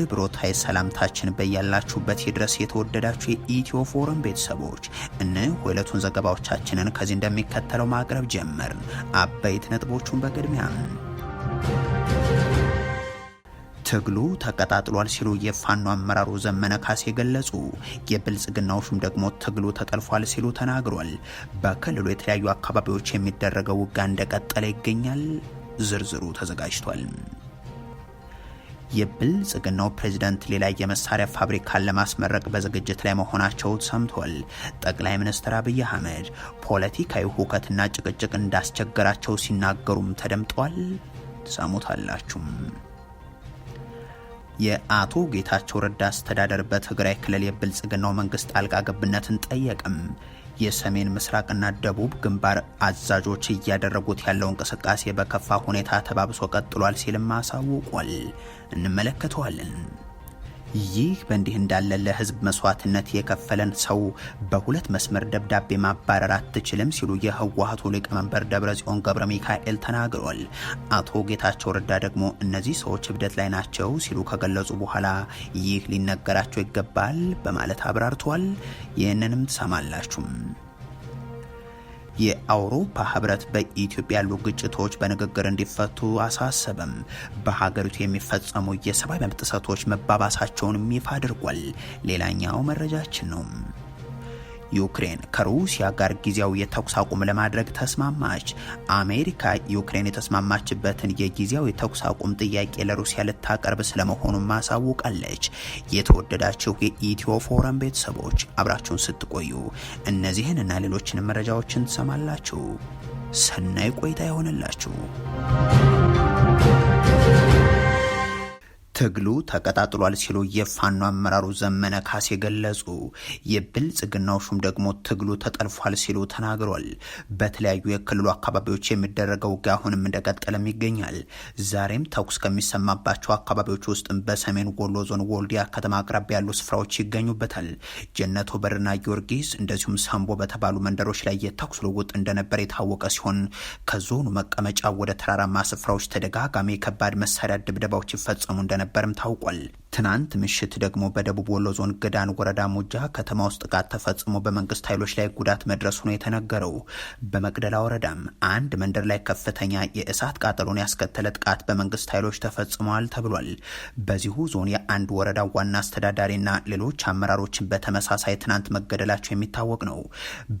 ክብሮታይ ሰላምታችን በያላችሁበት ይድረስ። የተወደዳችሁ የኢትዮ ፎረም ቤተሰቦች እነሆ ሁለቱን ዘገባዎቻችንን ከዚህ እንደሚከተለው ማቅረብ ጀመር አበይት ነጥቦቹን በቅድሚያ ትግሉ ተቀጣጥሏል ሲሉ የፋኖ አመራሩ ዘመነ ካሴ ገለጹ። የብልጽግናዎቹም ደግሞ ትግሉ ተጠልፏል ሲሉ ተናግሯል። በክልሉ የተለያዩ አካባቢዎች የሚደረገው ውጋ እንደቀጠለ ይገኛል። ዝርዝሩ ተዘጋጅቷል። የብልጽግናው ፕሬዚደንት ሌላ የመሳሪያ ፋብሪካን ለማስመረቅ በዝግጅት ላይ መሆናቸው ሰምቷል። ጠቅላይ ሚኒስትር አብይ አህመድ ፖለቲካዊ ሁከትና ጭቅጭቅ እንዳስቸገራቸው ሲናገሩም ተደምጠዋል። ሰሙታላችሁም። የአቶ ጌታቸው ረዳ አስተዳደር በትግራይ ክልል የብልጽግናው መንግስት ጣልቃ ገብነትን ጠየቅም። የሰሜን ምስራቅና ደቡብ ግንባር አዛዦች እያደረጉት ያለው እንቅስቃሴ በከፋ ሁኔታ ተባብሶ ቀጥሏል ሲልም አሳውቋል። እንመለከተዋለን። ይህ በእንዲህ እንዳለ ለህዝብ መስዋዕትነት የከፈለን ሰው በሁለት መስመር ደብዳቤ ማባረር አትችልም ሲሉ የህወሀቱ ሊቀመንበር ደብረጽዮን ገብረ ሚካኤል ተናግሯል። አቶ ጌታቸው ረዳ ደግሞ እነዚህ ሰዎች እብደት ላይ ናቸው ሲሉ ከገለጹ በኋላ ይህ ሊነገራቸው ይገባል በማለት አብራርተዋል። ይህንንም ትሰማላችሁም። የአውሮፓ ህብረት በኢትዮጵያ ያሉ ግጭቶች በንግግር እንዲፈቱ አሳሰበም። በሀገሪቱ የሚፈጸሙ የሰብአዊ መብት ጥሰቶች መባባሳቸውንም ይፋ አድርጓል። ሌላኛው መረጃችን ነው። ዩክሬን ከሩሲያ ጋር ጊዜያዊ የተኩስ አቁም ለማድረግ ተስማማች። አሜሪካ ዩክሬን የተስማማችበትን የጊዜያዊ የተኩስ አቁም ጥያቄ ለሩሲያ ልታቀርብ ስለመሆኑን ማሳውቃለች። የተወደዳችሁ የኢትዮ ፎረም ቤተሰቦች አብራችሁን ስትቆዩ እነዚህን እና ሌሎችንም መረጃዎችን ትሰማላችሁ። ሰናይ ቆይታ ይሆንላችሁ። ትግሉ ተቀጣጥሏል ሲሉ የፋኖ አመራሩ ዘመነ ካሴ ገለጹ። የብልጽግናው ሹም ደግሞ ትግሉ ተጠልፏል ሲሉ ተናግሯል። በተለያዩ የክልሉ አካባቢዎች የሚደረገው ውጊያ አሁንም እንደቀጠለም ይገኛል። ዛሬም ተኩስ ከሚሰማባቸው አካባቢዎች ውስጥም በሰሜን ወሎ ዞን ወልዲያ ከተማ አቅራቢያ ያሉ ስፍራዎች ይገኙበታል። ጀነቶ በርና ጊዮርጊስ እንደዚሁም ሳምቦ በተባሉ መንደሮች ላይ የተኩስ ልውውጥ እንደነበር የታወቀ ሲሆን ከዞኑ መቀመጫ ወደ ተራራማ ስፍራዎች ተደጋጋሚ ከባድ መሳሪያ ድብደባዎች ይፈጸሙ እንደነበር እንደነበርም ታውቋል። ትናንት ምሽት ደግሞ በደቡብ ወሎ ዞን ገዳን ወረዳ ሙጃ ከተማ ውስጥ ጥቃት ተፈጽሞ በመንግስት ኃይሎች ላይ ጉዳት መድረሱ ነው የተነገረው። በመቅደላ ወረዳም አንድ መንደር ላይ ከፍተኛ የእሳት ቃጠሎን ያስከተለ ጥቃት በመንግስት ኃይሎች ተፈጽሟል ተብሏል። በዚሁ ዞን የአንድ ወረዳ ዋና አስተዳዳሪና ሌሎች አመራሮችን በተመሳሳይ ትናንት መገደላቸው የሚታወቅ ነው።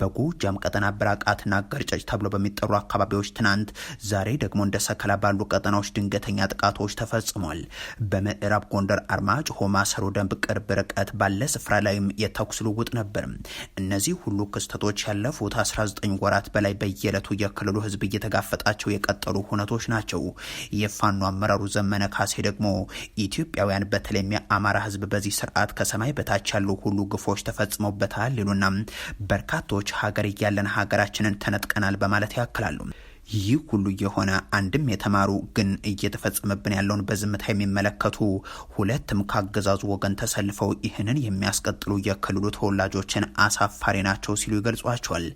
በጎጃም ቀጠና ብራቃትና ገርጨጭ ተብሎ በሚጠሩ አካባቢዎች ትናንት፣ ዛሬ ደግሞ እንደ ሰከላ ባሉ ቀጠናዎች ድንገተኛ ጥቃቶች ተፈጽሟል። በምዕራብ ጎንደር ሆማ ሰሮ ደንብ ቅርብ ርቀት ባለ ስፍራ ላይም የተኩስ ልውውጥ ነበር። እነዚህ ሁሉ ክስተቶች ያለፉት 19 ወራት በላይ በየዕለቱ የክልሉ ህዝብ እየተጋፈጣቸው የቀጠሉ ሁነቶች ናቸው። የፋኖ አመራሩ ዘመነ ካሴ ደግሞ ኢትዮጵያውያን በተለይም የአማራ ህዝብ በዚህ ስርዓት ከሰማይ በታች ያሉ ሁሉ ግፎች ተፈጽመውበታል ይሉና በርካቶች ሀገር እያለን ሀገራችንን ተነጥቀናል በማለት ያክላሉ። ይህ ሁሉ የሆነ አንድም የተማሩ ግን እየተፈጸመብን ያለውን በዝምታ የሚመለከቱ ሁለትም ካገዛዙ ወገን ተሰልፈው ይህንን የሚያስቀጥሉ የክልሉ ተወላጆችን አሳፋሪ ናቸው ሲሉ ይገልጿቸዋል።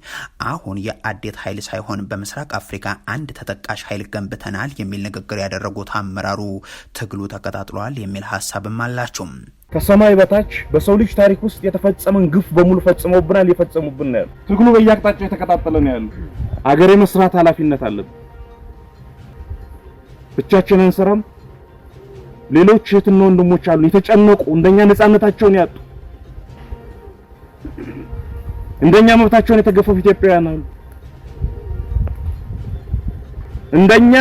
አሁን የአዴት ኃይል ሳይሆን በምስራቅ አፍሪካ አንድ ተጠቃሽ ኃይል ገንብተናል የሚል ንግግር ያደረጉት አመራሩ ትግሉ ተቀጣጥሏል የሚል ሀሳብም አላቸውም። ከሰማይ በታች በሰው ልጅ ታሪክ ውስጥ የተፈጸመን ግፍ በሙሉ ፈጽመውብናል፣ የፈጸሙብን ነው ትግሉ በየአቅጣጫው የተቀጣጠለ ነው ያሉ። አገር የመስራት ኃላፊነት አለብን። ብቻችንን አንሰራም። ሌሎች እህትና ወንድሞች አሉ የተጨነቁ እንደኛ ነፃነታቸውን ያጡ እንደኛ መብታቸውን የተገፈፉ ኢትዮጵያውያን አሉ። እንደኛ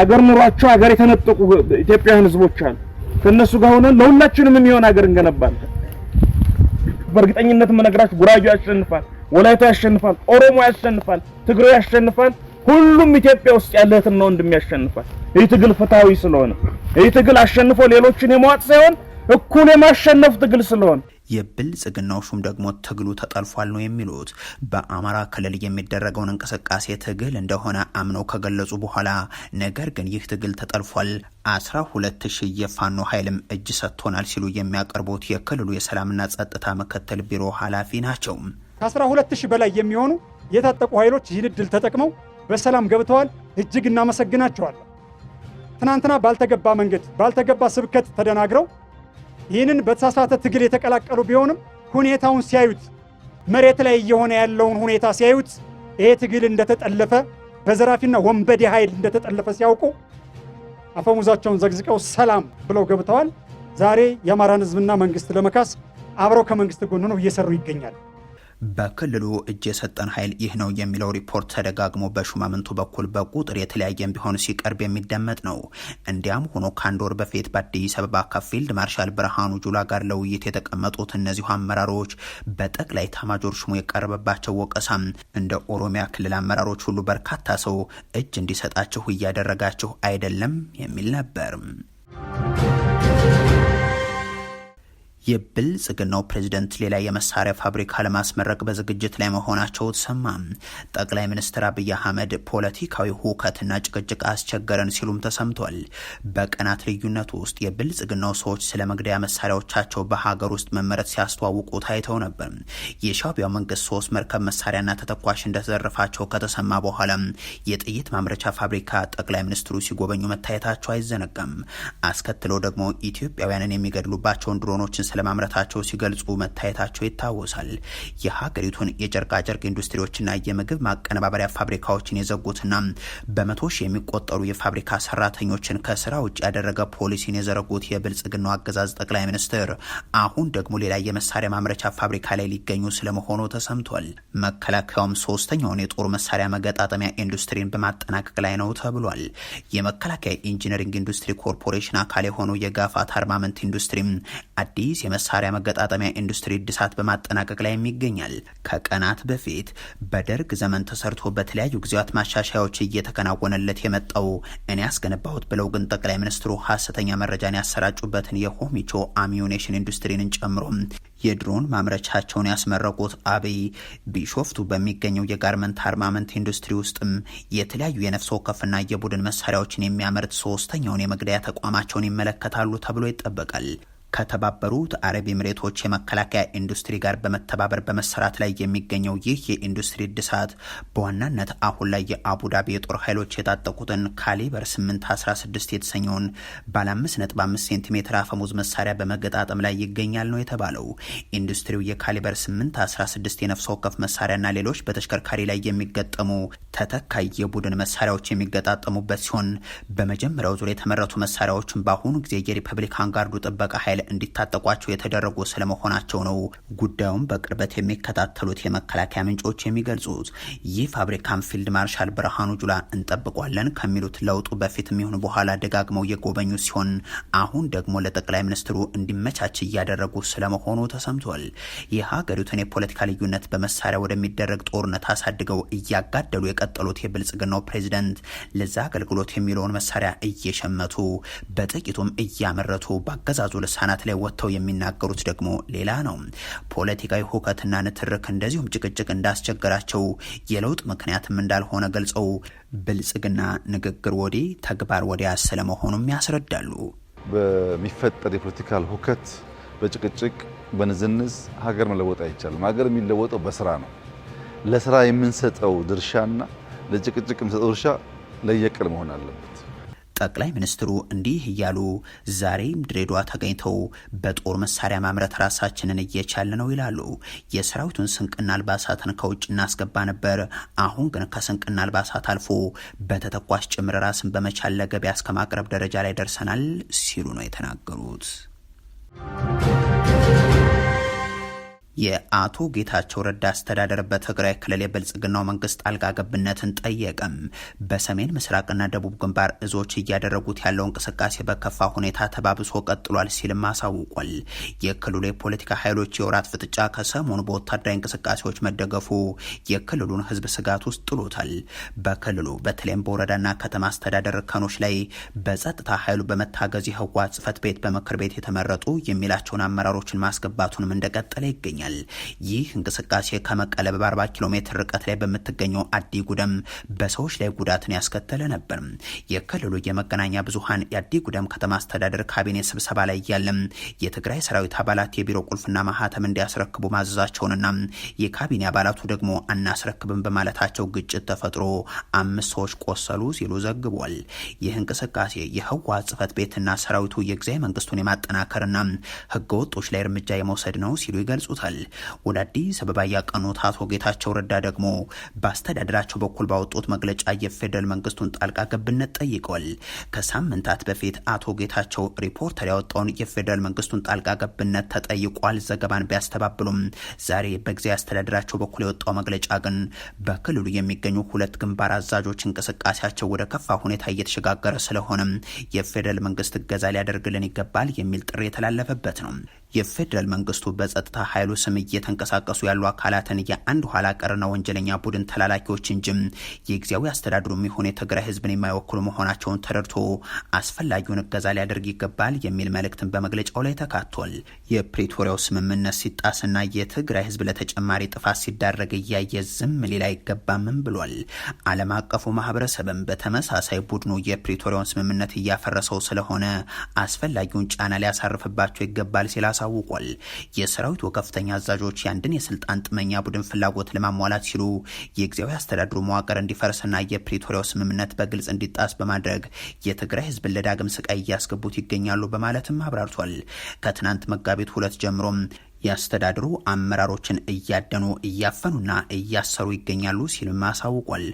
አገር ኑሯቸው አገር የተነጠቁ ኢትዮጵያውያን ህዝቦች አሉ። ከነሱ ጋር ሆነን ለሁላችንም የሚሆን ሀገር እንገነባለን። በእርግጠኝነት የምነግራችሁ ጉራጆ ያሸንፋል፣ ወላይታ ያሸንፋል፣ ኦሮሞ ያሸንፋል፣ ትግሮ ያሸንፋል። ሁሉም ኢትዮጵያ ውስጥ ያለ እህትና ወንድም ያሸንፋል። ይህ ትግል ፍትሃዊ ስለሆነ ይህ ትግል አሸንፎ ሌሎችን የመዋጥ ሳይሆን እኩል የማሸነፍ ትግል ስለሆነ የብልጽግናው ሹም ደግሞ ትግሉ ተጠልፏል ነው የሚሉት። በአማራ ክልል የሚደረገውን እንቅስቃሴ ትግል እንደሆነ አምነው ከገለጹ በኋላ ነገር ግን ይህ ትግል ተጠልፏል፣ አስራ ሁለት ሺህ የፋኖ ኃይልም እጅ ሰጥቶናል ሲሉ የሚያቀርቡት የክልሉ የሰላምና ጸጥታ ምክትል ቢሮ ኃላፊ ናቸው። ከአስራ ሁለት ሺህ በላይ የሚሆኑ የታጠቁ ኃይሎች ይህን እድል ተጠቅመው በሰላም ገብተዋል። እጅግ እናመሰግናቸዋለን። ትናንትና ባልተገባ መንገድ ባልተገባ ስብከት ተደናግረው ይህንን በተሳሳተ ትግል የተቀላቀሉ ቢሆንም ሁኔታውን ሲያዩት መሬት ላይ እየሆነ ያለውን ሁኔታ ሲያዩት ይሄ ትግል እንደተጠለፈ በዘራፊና ወንበዴ ኃይል እንደተጠለፈ ሲያውቁ አፈሙዛቸውን ዘግዝቀው ሰላም ብለው ገብተዋል። ዛሬ የአማራን ህዝብና መንግስት ለመካስ አብረው ከመንግስት ጎን ነው እየሰሩ ይገኛል። በክልሉ እጅ የሰጠን ኃይል ይህ ነው የሚለው ሪፖርት ተደጋግሞ በሹማምንቱ በኩል በቁጥር የተለያየም ቢሆን ሲቀርብ የሚደመጥ ነው። እንዲያም ሆኖ ከአንድ ወር በፊት በአዲስ አበባ ከፊልድ ማርሻል ብርሃኑ ጁላ ጋር ለውይይት የተቀመጡት እነዚሁ አመራሮች በጠቅላይ ታማጆር ሹሙ የቀረበባቸው ወቀሳም እንደ ኦሮሚያ ክልል አመራሮች ሁሉ በርካታ ሰው እጅ እንዲሰጣችሁ እያደረጋችሁ አይደለም የሚል ነበር። የብልጽግናው ፕሬዚደንት ሌላ የመሳሪያ ፋብሪካ ለማስመረቅ በዝግጅት ላይ መሆናቸው ተሰማ። ጠቅላይ ሚኒስትር አብይ አህመድ ፖለቲካዊ ሁከትና ጭቅጭቅ አስቸገረን ሲሉም ተሰምቷል። በቀናት ልዩነት ውስጥ የብልጽግናው ሰዎች ስለ መግደያ መሳሪያዎቻቸው በሀገር ውስጥ መመረት ሲያስተዋውቁ ታይተው ነበር። የሻቢያው መንግስት ሶስት መርከብ መሳሪያና ተተኳሽ እንደተዘረፋቸው ከተሰማ በኋላ የጥይት ማምረቻ ፋብሪካ ጠቅላይ ሚኒስትሩ ሲጎበኙ መታየታቸው አይዘነጋም። አስከትለው ደግሞ ኢትዮጵያውያንን የሚገድሉባቸውን ድሮኖችን ስለማምረታቸው ሲገልጹ መታየታቸው ይታወሳል። የሀገሪቱን የጨርቃጨርቅ ኢንዱስትሪዎችና የምግብ ማቀነባበሪያ ፋብሪካዎችን የዘጉትና በመቶ ሺህ የሚቆጠሩ የፋብሪካ ሰራተኞችን ከስራ ውጭ ያደረገ ፖሊሲን የዘረጉት የብልጽግናው አገዛዝ ጠቅላይ ሚኒስትር አሁን ደግሞ ሌላ የመሳሪያ ማምረቻ ፋብሪካ ላይ ሊገኙ ስለመሆኑ ተሰምቷል። መከላከያውም ሶስተኛውን የጦር መሳሪያ መገጣጠሚያ ኢንዱስትሪን በማጠናቀቅ ላይ ነው ተብሏል። የመከላከያ ኢንጂነሪንግ ኢንዱስትሪ ኮርፖሬሽን አካል የሆነው የጋፋት አርማመንት ኢንዱስትሪም አዲስ የመሳሪያ መገጣጠሚያ ኢንዱስትሪ እድሳት በማጠናቀቅ ላይ ይገኛል። ከቀናት በፊት በደርግ ዘመን ተሰርቶ በተለያዩ ጊዜያት ማሻሻያዎች እየተከናወነለት የመጣው እኔ ያስገነባሁት ብለው ግን ጠቅላይ ሚኒስትሩ ሀሰተኛ መረጃን ያሰራጩበትን የሆሚቾ አሚዩኔሽን ኢንዱስትሪንን ጨምሮ የድሮን ማምረቻቸውን ያስመረቁት አብይ ቢሾፍቱ በሚገኘው የጋርመንት አርማመንት ኢንዱስትሪ ውስጥም የተለያዩ የነፍስ ወከፍና የቡድን መሳሪያዎችን የሚያመርት ሶስተኛውን የመግደያ ተቋማቸውን ይመለከታሉ ተብሎ ይጠበቃል። ከተባበሩት አረብ ኤምሬቶች የመከላከያ ኢንዱስትሪ ጋር በመተባበር በመሰራት ላይ የሚገኘው ይህ የኢንዱስትሪ እድሳት በዋናነት አሁን ላይ የአቡዳቢ የጦር ኃይሎች የታጠቁትን ካሊበር 816 የተሰኘውን ባለ 5.5 ሴንቲሜትር አፈሙዝ መሳሪያ በመገጣጠም ላይ ይገኛል ነው የተባለው። ኢንዱስትሪው የካሊበር 816 የነፍስ ወከፍ መሳሪያና ሌሎች በተሽከርካሪ ላይ የሚገጠሙ ተተካይ የቡድን መሳሪያዎች የሚገጣጠሙበት ሲሆን በመጀመሪያው ዙር የተመረቱ መሳሪያዎችን በአሁኑ ጊዜ የሪፐብሊካን ጋርዱ ጥበቃ ኃይል እንዲታጠቋቸው የተደረጉ ስለመሆናቸው ነው ጉዳዩን በቅርበት የሚከታተሉት የመከላከያ ምንጮች የሚገልጹት። ይህ ፋብሪካም ፊልድ ማርሻል ብርሃኑ ጁላ እንጠብቋለን ከሚሉት ለውጡ በፊት የሚሆኑ በኋላ ደጋግመው የጎበኙ ሲሆን አሁን ደግሞ ለጠቅላይ ሚኒስትሩ እንዲመቻች እያደረጉ ስለመሆኑ ተሰምቷል። የሀገሪቱን የፖለቲካ ልዩነት በመሳሪያ ወደሚደረግ ጦርነት አሳድገው እያጋደሉ የቀጠሉት የብልጽግናው ፕሬዚደንት ለዛ አገልግሎት የሚለውን መሳሪያ እየሸመቱ በጥቂቱም እያመረቱ በአገዛዙ ልሳና ቀናት ላይ ወጥተው የሚናገሩት ደግሞ ሌላ ነው። ፖለቲካዊ ሁከትና ንትርክ እንደዚሁም ጭቅጭቅ እንዳስቸገራቸው የለውጥ ምክንያትም እንዳልሆነ ገልጸው ብልጽግና ንግግር ወዲህ ተግባር ወዲያ ስለመሆኑም ያስረዳሉ። በሚፈጠር የፖለቲካል ሁከት፣ በጭቅጭቅ፣ በንዝንዝ ሀገር መለወጥ አይቻልም። ሀገር የሚለወጠው በስራ ነው። ለስራ የምንሰጠው ድርሻና ለጭቅጭቅ የምንሰጠው ድርሻ ለየቅል መሆን አለበት። ጠቅላይ ሚኒስትሩ እንዲህ እያሉ ዛሬም ድሬዳዋ ተገኝተው በጦር መሳሪያ ማምረት ራሳችንን እየቻለ ነው ይላሉ። የሰራዊቱን ስንቅና አልባሳትን ከውጭ እናስገባ ነበር። አሁን ግን ከስንቅና አልባሳት አልፎ በተተኳሽ ጭምር ራስን በመቻል ለገበያ እስከ ማቅረብ ደረጃ ላይ ደርሰናል ሲሉ ነው የተናገሩት። የአቶ ጌታቸው ረዳ አስተዳደር በትግራይ ክልል የብልጽግናው መንግስት አልጋ ገብነትን ጠየቀም። በሰሜን ምስራቅና ደቡብ ግንባር እዞች እያደረጉት ያለው እንቅስቃሴ በከፋ ሁኔታ ተባብሶ ቀጥሏል ሲልም አሳውቋል። የክልሉ የፖለቲካ ኃይሎች የወራት ፍጥጫ ከሰሞኑ በወታደራዊ እንቅስቃሴዎች መደገፉ የክልሉን ህዝብ ስጋት ውስጥ ጥሎታል። በክልሉ በተለይም በወረዳና ከተማ አስተዳደር እርከኖች ላይ በጸጥታ ኃይሉ በመታገዝ የህወሓት ጽህፈት ቤት በምክር ቤት የተመረጡ የሚላቸውን አመራሮችን ማስገባቱንም እንደቀጠለ ይገኛል። ይገኛል። ይህ እንቅስቃሴ ከመቀለ በ40 ኪሎ ሜትር ርቀት ላይ በምትገኘው አዲ ጉደም በሰዎች ላይ ጉዳትን ያስከተለ ነበር። የክልሉ የመገናኛ ብዙሃን የአዲ ጉደም ከተማ አስተዳደር ካቢኔ ስብሰባ ላይ እያለም የትግራይ ሰራዊት አባላት የቢሮ ቁልፍና ማህተም እንዲያስረክቡ ማዘዛቸውንና የካቢኔ አባላቱ ደግሞ አናስረክብም በማለታቸው ግጭት ተፈጥሮ አምስት ሰዎች ቆሰሉ ሲሉ ዘግቧል። ይህ እንቅስቃሴ የህወሓት ጽህፈት ቤትና ሰራዊቱ የጊዜያዊ መንግስቱን የማጠናከርና ህገወጦች ላይ እርምጃ የመውሰድ ነው ሲሉ ይገልጹታል። ተናግረዋል። ወደ አዲስ አበባ ያቀኑት አቶ ጌታቸው ረዳ ደግሞ በአስተዳደራቸው በኩል ባወጡት መግለጫ የፌዴራል መንግስቱን ጣልቃ ገብነት ጠይቀዋል። ከሳምንታት በፊት አቶ ጌታቸው ሪፖርተር ያወጣውን የፌዴራል መንግስቱን ጣልቃ ገብነት ተጠይቋል ዘገባን ቢያስተባብሉም ዛሬ በጊዜያዊ አስተዳደራቸው በኩል የወጣው መግለጫ ግን በክልሉ የሚገኙ ሁለት ግንባር አዛዦች እንቅስቃሴያቸው ወደ ከፋ ሁኔታ እየተሸጋገረ ስለሆነም የፌዴራል መንግስት እገዛ ሊያደርግልን ይገባል የሚል ጥሪ የተላለፈበት ነው። የፌዴራል መንግስቱ በጸጥታ ኃይሉ ስም እየተንቀሳቀሱ ያሉ አካላትን የአንድ ኋላ ቀርና ወንጀለኛ ቡድን ተላላኪዎች እንጂም የጊዜያዊ አስተዳድሩ የሚሆን የትግራይ ህዝብን የማይወክሉ መሆናቸውን ተረድቶ አስፈላጊውን እገዛ ሊያደርግ ይገባል የሚል መልእክትን በመግለጫው ላይ ተካቷል። የፕሪቶሪያው ስምምነት ሲጣስና የትግራይ ህዝብ ለተጨማሪ ጥፋት ሲዳረግ እያየ ዝም ሊል አይገባምም ብሏል። ዓለም አቀፉ ማህበረሰብም በተመሳሳይ ቡድኑ የፕሪቶሪያውን ስምምነት እያፈረሰው ስለሆነ አስፈላጊውን ጫና ሊያሳርፍባቸው ይገባል ሲል አሳውቋል። የሰራዊቱ ከፍተኛ አዛዦች የአንድን የስልጣን ጥመኛ ቡድን ፍላጎት ለማሟላት ሲሉ የጊዜያዊ አስተዳድሩ መዋቅር እንዲፈርስና የፕሪቶሪያው ስምምነት በግልጽ እንዲጣስ በማድረግ የትግራይ ህዝብን ለዳግም ስቃይ እያስገቡት ይገኛሉ በማለትም አብራርቷል። ከትናንት መጋቢት ሁለት ጀምሮም የአስተዳድሩ አመራሮችን እያደኑ እያፈኑና እያሰሩ ይገኛሉ ሲልም አሳውቋል።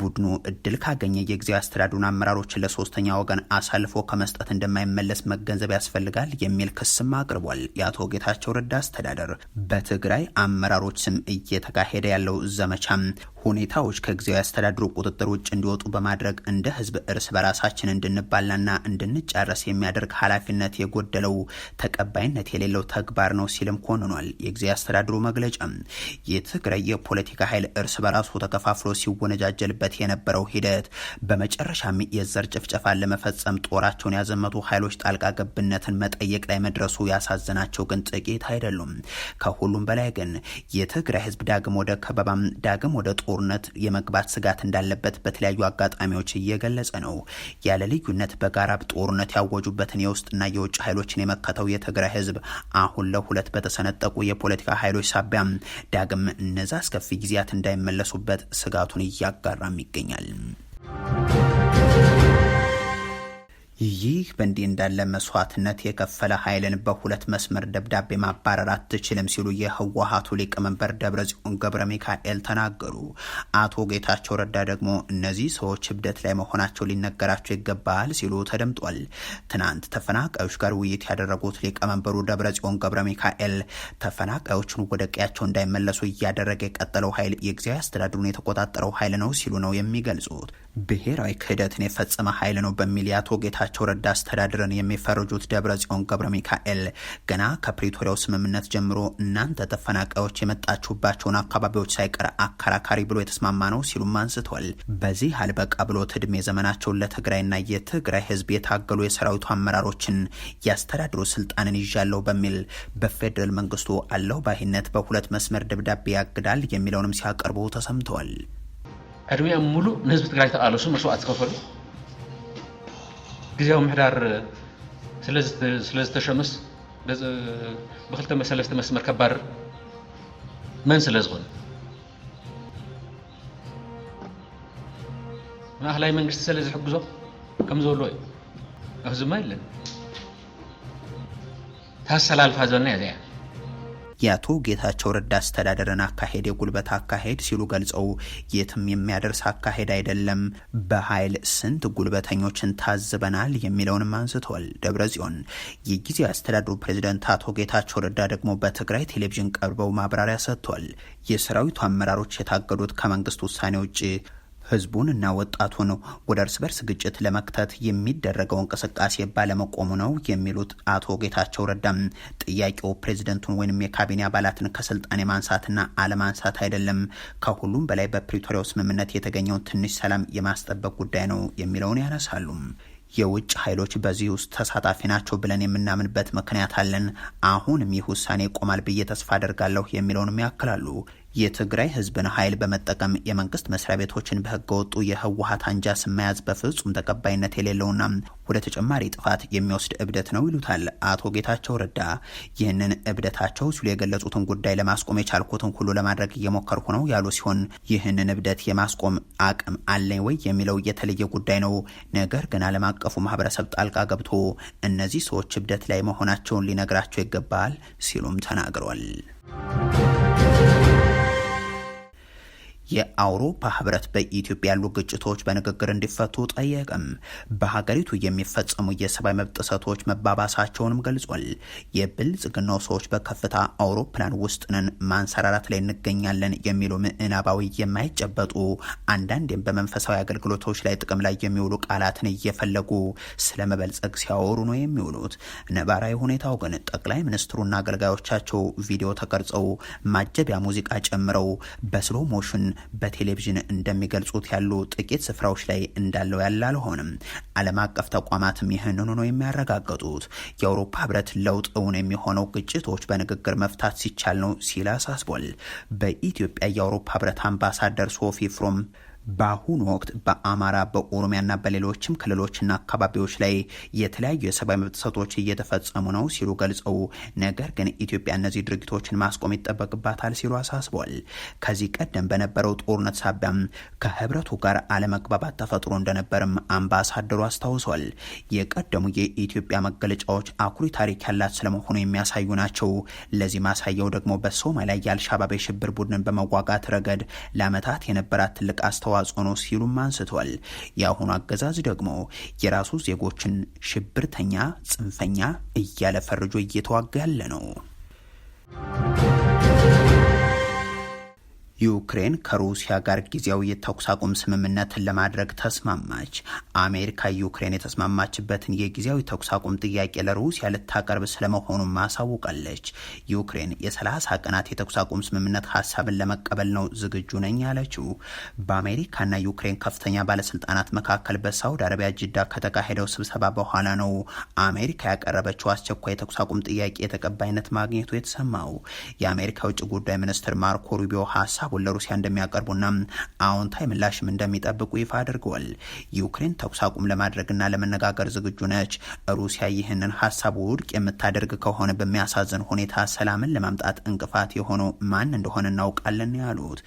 ቡድኑ እድል ካገኘ የጊዜያዊ አስተዳድሩን አመራሮችን ለሶስተኛ ወገን አሳልፎ ከመስጠት እንደማይመለስ መገንዘብ ያስፈልጋል የሚል ክስም አቅርቧል። የአቶ ጌታቸው ረዳ አስተዳደር በትግራይ አመራሮች ስም እየተካሄደ ያለው ዘመቻም ሁኔታዎች ከጊዜያዊ አስተዳድሩ ቁጥጥር ውጭ እንዲወጡ በማድረግ እንደ ህዝብ እርስ በራሳችን እንድንባላና እንድንጫረስ የሚያደርግ ኃላፊነት የጎደለው ተቀባይነት የሌለው ተግባር ነው ሲልም ኮንኗል። የጊዜያዊ አስተዳድሩ መግለጫ የትግራይ የፖለቲካ ኃይል እርስ በራሱ ተከፋፍሎ ሲወነጃጀልበት የነበረው ሂደት በመጨረሻም የዘር ጭፍጨፋን ለመፈጸም ጦራቸውን ያዘመቱ ኃይሎች ጣልቃ ገብነትን መጠየቅ ላይ መድረሱ ያሳዘናቸው ግን ጥቂት አይደሉም። ከሁሉም በላይ ግን የትግራይ ህዝብ ዳግም ወደ ከበባም ዳግም ወደ ጦር ጦርነት የመግባት ስጋት እንዳለበት በተለያዩ አጋጣሚዎች እየገለጸ ነው። ያለ ልዩነት በጋራ ጦርነት ያወጁበትን የውስጥና የውጭ ኃይሎችን የመከተው የትግራይ ህዝብ አሁን ለሁለት በተሰነጠቁ የፖለቲካ ኃይሎች ሳቢያ ዳግም እነዛ አስከፊ ጊዜያት እንዳይመለሱበት ስጋቱን እያጋራም ይገኛል። ይህ በእንዲህ እንዳለ መስዋዕትነት የከፈለ ኃይልን በሁለት መስመር ደብዳቤ ማባረር አትችልም ሲሉ የህወሀቱ ሊቀመንበር ደብረጽዮን ገብረ ሚካኤል ተናገሩ። አቶ ጌታቸው ረዳ ደግሞ እነዚህ ሰዎች እብደት ላይ መሆናቸው ሊነገራቸው ይገባል ሲሉ ተደምጧል። ትናንት ተፈናቃዮች ጋር ውይይት ያደረጉት ሊቀመንበሩ ደብረጽዮን ገብረ ሚካኤል ተፈናቃዮቹን ወደ ቀያቸው እንዳይመለሱ እያደረገ የቀጠለው ኃይል የጊዜያዊ አስተዳድሩን የተቆጣጠረው ኃይል ነው ሲሉ ነው የሚገልጹት። ብሔራዊ ክህደትን የፈጸመ ኃይል ነው በሚል የአቶ ጌታቸው ረዳ አስተዳደርን የሚፈርጁት ደብረ ጽዮን ገብረ ሚካኤል ገና ከፕሪቶሪያው ስምምነት ጀምሮ እናንተ ተፈናቃዮች የመጣችሁባቸውን አካባቢዎች ሳይቀር አከራካሪ ብሎ የተስማማ ነው ሲሉም አንስቷል። በዚህ አልበቃ ብሎት እድሜ ዘመናቸውን ለትግራይና የትግራይ ህዝብ የታገሉ የሰራዊቱ አመራሮችን ያስተዳድሩ ስልጣንን ይዣለሁ በሚል በፌዴራል መንግስቱ አለው ባይነት በሁለት መስመር ደብዳቤ ያግዳል የሚለውንም ሲያቀርቡ ተሰምተዋል። ዕድሜኦም ሙሉ ንህዝቢ ትግራይ ተቃለሱ መስዋዕት ዝከፈሉ ግዜያዊ ምሕዳር ስለዝተሸምስ ብክልተ መሰለስተ መስመር ከባር መን ስለ ዝኾነ ማእኸላይ መንግስቲ ስለ ዝሕግዞ ከም ዘሎ እዩ ኣብዚ ዝማ የለን ታሰላልፋ ዘለና እያ እዚኣ የአቶ ጌታቸው ረዳ አስተዳደርን አካሄድ የጉልበት አካሄድ ሲሉ ገልጸው የትም የሚያደርስ አካሄድ አይደለም፣ በኃይል ስንት ጉልበተኞችን ታዝበናል የሚለውንም አንስተዋል። ደብረ ጽዮን የጊዜ አስተዳደሩ ፕሬዚደንት አቶ ጌታቸው ረዳ ደግሞ በትግራይ ቴሌቪዥን ቀርበው ማብራሪያ ሰጥቷል። የሰራዊቱ አመራሮች የታገዱት ከመንግስት ውሳኔ ውጭ ህዝቡን እና ወጣቱን ወደ እርስ በርስ ግጭት ለመክተት የሚደረገው እንቅስቃሴ ባለመቆሙ ነው የሚሉት አቶ ጌታቸው ረዳም ጥያቄው ፕሬዝደንቱን ወይም የካቢኔ አባላትን ከስልጣን የማንሳትና አለማንሳት አይደለም፣ ከሁሉም በላይ በፕሪቶሪያው ስምምነት የተገኘውን ትንሽ ሰላም የማስጠበቅ ጉዳይ ነው የሚለውን ያነሳሉ። የውጭ ኃይሎች በዚህ ውስጥ ተሳታፊ ናቸው ብለን የምናምንበት ምክንያት አለን። አሁንም ይህ ውሳኔ ይቆማል ብዬ ተስፋ አደርጋለሁ የሚለውንም ያክላሉ። የትግራይ ህዝብን ኃይል በመጠቀም የመንግስት መስሪያ ቤቶችን በህገወጡ የህወሀት አንጃ ስመያዝ በፍጹም ተቀባይነት የሌለውና ወደ ተጨማሪ ጥፋት የሚወስድ እብደት ነው ይሉታል አቶ ጌታቸው ረዳ። ይህንን እብደታቸው ሲሉ የገለጹትን ጉዳይ ለማስቆም የቻልኩትን ሁሉ ለማድረግ እየሞከርኩ ነው ያሉ ሲሆን ይህንን እብደት የማስቆም አቅም አለኝ ወይ የሚለው የተለየ ጉዳይ ነው። ነገር ግን ዓለም አቀፉ ማህበረሰብ ጣልቃ ገብቶ እነዚህ ሰዎች እብደት ላይ መሆናቸውን ሊነግራቸው ይገባል ሲሉም ተናግሯል። የአውሮፓ ህብረት በኢትዮጵያ ያሉ ግጭቶች በንግግር እንዲፈቱ ጠየቅም። በሀገሪቱ የሚፈጸሙ የሰብአዊ መብት ጥሰቶች መባባሳቸውንም ገልጿል። የብልጽግናው ሰዎች በከፍታ አውሮፕላን ውስጥ ማንሰራራት ላይ እንገኛለን የሚሉ ምዕናባዊ የማይጨበጡ አንዳንዴም በመንፈሳዊ አገልግሎቶች ላይ ጥቅም ላይ የሚውሉ ቃላትን እየፈለጉ ስለ መበልጸግ ሲያወሩ ነው የሚውሉት። ነባራዊ ሁኔታው ግን ጠቅላይ ሚኒስትሩና አገልጋዮቻቸው ቪዲዮ ተቀርጸው ማጀቢያ ሙዚቃ ጨምረው በስሎ ሞሽን በቴሌቪዥን እንደሚገልጹት ያሉ ጥቂት ስፍራዎች ላይ እንዳለው ያለ አልሆንም። ዓለም አቀፍ ተቋማትም ይህንኑ ነው የሚያረጋገጡት። የአውሮፓ ህብረት ለውጥ እውን የሚሆነው ግጭቶች በንግግር መፍታት ሲቻል ነው ሲል አሳስቧል። በኢትዮጵያ የአውሮፓ ህብረት አምባሳደር ሶፊ ፍሮም በአሁኑ ወቅት በአማራ በኦሮሚያና በሌሎችም ክልሎችና አካባቢዎች ላይ የተለያዩ የሰብአዊ መብት ጥሰቶች እየተፈጸሙ ነው ሲሉ ገልጸው ነገር ግን ኢትዮጵያ እነዚህ ድርጊቶችን ማስቆም ይጠበቅባታል ሲሉ አሳስቧል። ከዚህ ቀደም በነበረው ጦርነት ሳቢያም ከህብረቱ ጋር አለመግባባት ተፈጥሮ እንደነበርም አምባሳደሩ አስታውሷል። የቀደሙ የኢትዮጵያ መገለጫዎች አኩሪ ታሪክ ያላት ስለመሆኑ የሚያሳዩ ናቸው። ለዚህ ማሳያው ደግሞ በሶማሊያ የአልሻባብ የሽብር ቡድንን በመዋጋት ረገድ ለዓመታት የነበራት ትልቅ አስተዋ አስተዋጽኦ ነው ሲሉም አንስቷል። የአሁኑ አገዛዝ ደግሞ የራሱ ዜጎችን ሽብርተኛ፣ ጽንፈኛ እያለ ፈርጆ እየተዋጋ ያለ ነው። ዩክሬን ከሩሲያ ጋር ጊዜያዊ የተኩስ አቁም ስምምነትን ለማድረግ ተስማማች። አሜሪካ ዩክሬን የተስማማችበትን የጊዜያዊ ተኩስ አቁም ጥያቄ ለሩሲያ ልታቀርብ ስለመሆኑም ማሳውቃለች። ዩክሬን የ30 ቀናት የተኩስ አቁም ስምምነት ሀሳብን ለመቀበል ነው ዝግጁ ነኝ ያለችው። በአሜሪካና ዩክሬን ከፍተኛ ባለስልጣናት መካከል በሳውዲ አረቢያ ጅዳ ከተካሄደው ስብሰባ በኋላ ነው አሜሪካ ያቀረበችው አስቸኳይ የተኩስ አቁም ጥያቄ የተቀባይነት ማግኘቱ የተሰማው። የአሜሪካ ውጭ ጉዳይ ሚኒስትር ማርኮ ሩቢዮ ሀሳብ ሀሳቡን ለሩሲያ እንደሚያቀርቡና አዎንታዊ ምላሽም እንደሚጠብቁ ይፋ አድርገዋል። ዩክሬን ተኩስ አቁም ለማድረግና ለመነጋገር ዝግጁ ነች። ሩሲያ ይህንን ሀሳብ ውድቅ የምታደርግ ከሆነ በሚያሳዝን ሁኔታ ሰላምን ለማምጣት እንቅፋት የሆነው ማን እንደሆነ እናውቃለን ያሉት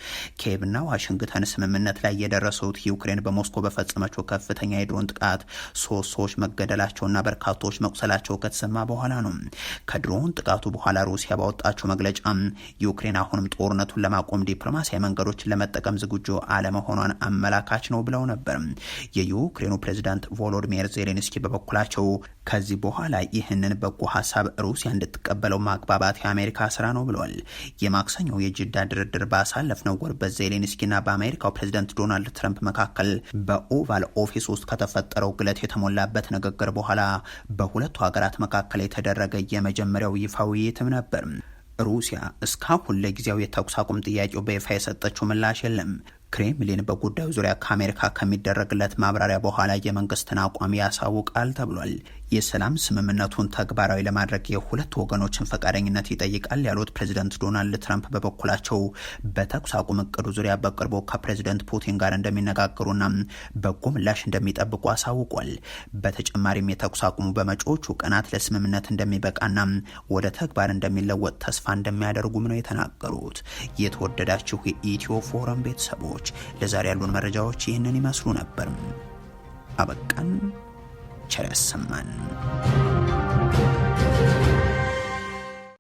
ኬቭና ዋሽንግተን ስምምነት ላይ የደረሱት ዩክሬን በሞስኮ በፈጸመችው ከፍተኛ የድሮን ጥቃት ሶስት ሰዎች መገደላቸውና በርካቶች መቁሰላቸው ከተሰማ በኋላ ነው። ከድሮን ጥቃቱ በኋላ ሩሲያ ባወጣቸው መግለጫ ዩክሬን አሁንም ጦርነቱን ለማቆም ዲፕሎ ዲፕሎማሲያዊ መንገዶችን ለመጠቀም ዝግጁ አለመሆኗን አመላካች ነው ብለው ነበር። የዩክሬኑ ፕሬዚዳንት ቮሎዲሚር ዜሌንስኪ በበኩላቸው ከዚህ በኋላ ይህንን በጎ ሀሳብ ሩሲያ እንድትቀበለው ማግባባት የአሜሪካ ስራ ነው ብለዋል። የማክሰኞው የጅዳ ድርድር ባሳለፍነው ወር በዜሌንስኪና በአሜሪካው ፕሬዚደንት ዶናልድ ትራምፕ መካከል በኦቫል ኦፊስ ውስጥ ከተፈጠረው ግለት የተሞላበት ንግግር በኋላ በሁለቱ ሀገራት መካከል የተደረገ የመጀመሪያው ይፋ ውይይትም ነበር። ሩሲያ እስካሁን ለጊዜያዊ የተኩስ አቁም ጥያቄው በይፋ የሰጠችው ምላሽ የለም። ክሬምሊን በጉዳዩ ዙሪያ ከአሜሪካ ከሚደረግለት ማብራሪያ በኋላ የመንግስትን አቋም ያሳውቃል ተብሏል። የሰላም ስምምነቱን ተግባራዊ ለማድረግ የሁለት ወገኖችን ፈቃደኝነት ይጠይቃል ያሉት ፕሬዚደንት ዶናልድ ትራምፕ በበኩላቸው በተኩስ አቁም እቅዱ ዙሪያ በቅርቡ ከፕሬዚደንት ፑቲን ጋር እንደሚነጋገሩና በጎ ምላሽ እንደሚጠብቁ አሳውቋል። በተጨማሪም የተኩስ አቁሙ በመጪዎቹ ቀናት ለስምምነት እንደሚበቃና ወደ ተግባር እንደሚለወጥ ተስፋ እንደሚያደርጉም ነው የተናገሩት። የተወደዳችሁ የኢትዮ ፎረም ቤተሰቦች ለዛሬ ያሉን መረጃዎች ይህንን ይመስሉ ነበር። አበቃን። ቸር ያሰማን።